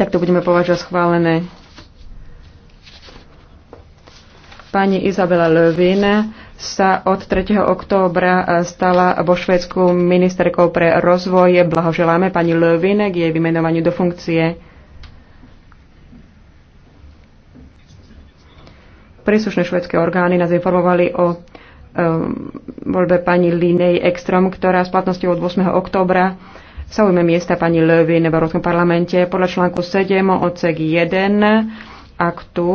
Tak to budeme považovať schválené. Pani Izabela Lövin sa od 3. októbra eh, stala vo Švedsku ministerkou pre rozvoj. Blahoželáme pani Lövin k jej vymenovaniu do funkcie. Príslušné švedské orgány nás informovali o eh, voľbe pani Linej Ekstrom, ktorá s platnosťou od 8. októbra zaujme miesta pani Lövin v Európskom parlamente podľa článku 7 odsek 1 aktu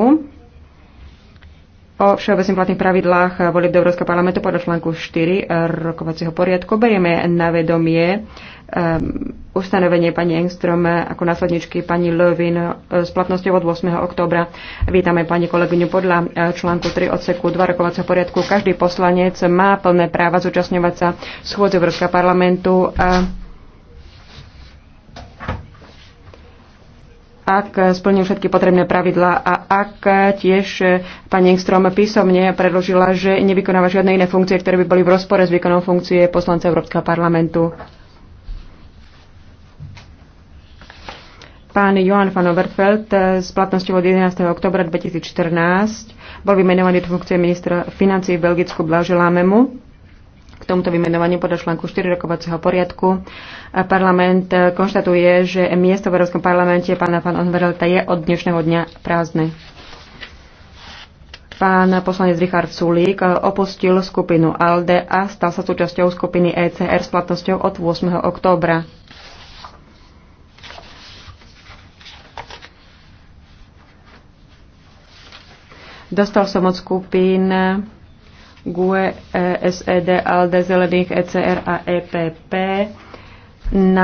o všeobecných platných pravidlách volieb do Európskeho parlamentu podľa článku 4 rokovacieho poriadku berieme na vedomie um, ustanovenie pani Engstrom ako následničky pani Lövin e, s platnosťou od 8. oktobra. Vítame pani kolegyňu podľa e, článku 3 odseku 2 rokovacieho poriadku. Každý poslanec má plné práva zúčastňovať sa schôdze Európskeho parlamentu. Uh, ak splnil všetky potrebné pravidlá a ak tiež pani Engström písomne predložila, že nevykonáva žiadne iné funkcie, ktoré by boli v rozpore s výkonom funkcie poslanca Európskeho parlamentu. Pán Johan van Overfeld s platnosťou od 11. oktobra 2014 bol vymenovaný do funkcie ministra financí v Belgicku Blaželámemu k tomuto vymenovaniu podľa článku 4 rokovacieho poriadku. Parlament e, konštatuje, že miesto v Európskom parlamente pána pán Onverelta je od dnešného dňa prázdne. Pán poslanec Richard Sulík e, opustil skupinu ALDE a stal sa súčasťou skupiny ECR s platnosťou od 8. októbra. Dostal som od skupín GUE, e, SED, ALDE, Zelených, ECR a EPP na